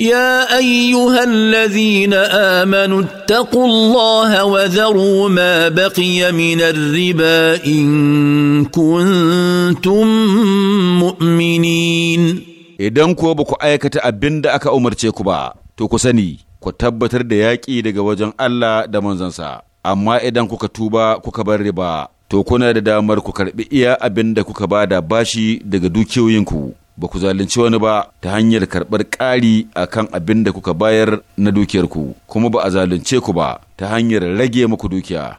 يا ايها الذين امنوا اتقوا الله وذروا ما بقي من الربا ان كنتم مؤمنين idan kuwa ba ku aikata abin da aka umarce ku ba to ku sani ku tabbatar da yaƙi daga wajen Allah da manzansa amma idan kuka tuba kuka bar riba to kuna da damar ku karɓi iya abin da kuka bada bashi daga dukiyoyinku ba ku zalunci wani ba ta hanyar karɓar ƙari a kan abin da kuka bayar na dukiyarku, kuma ba a zalunce ku ba ta hanyar rage muku dukiya.